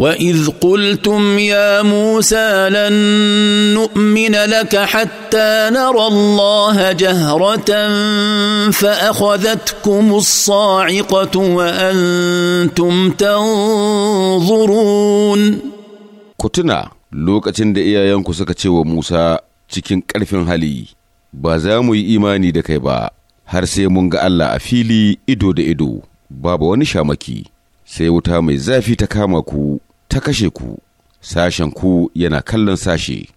واذ قلتم يا موسى لن نؤمن لك حتى نرى الله جهره فاخذتكم الصاعقه وانتم تنظرون كتنا lokacin da iyayenku suka ce wa Musa cikin ƙarfin hali, ba za mu yi imani da kai ba, har sai mun ga Allah a fili ido da ido, babu wani shamaki, sai wuta mai zafi ta kama ku ta kashe ku, sashen ku yana kallon sashe.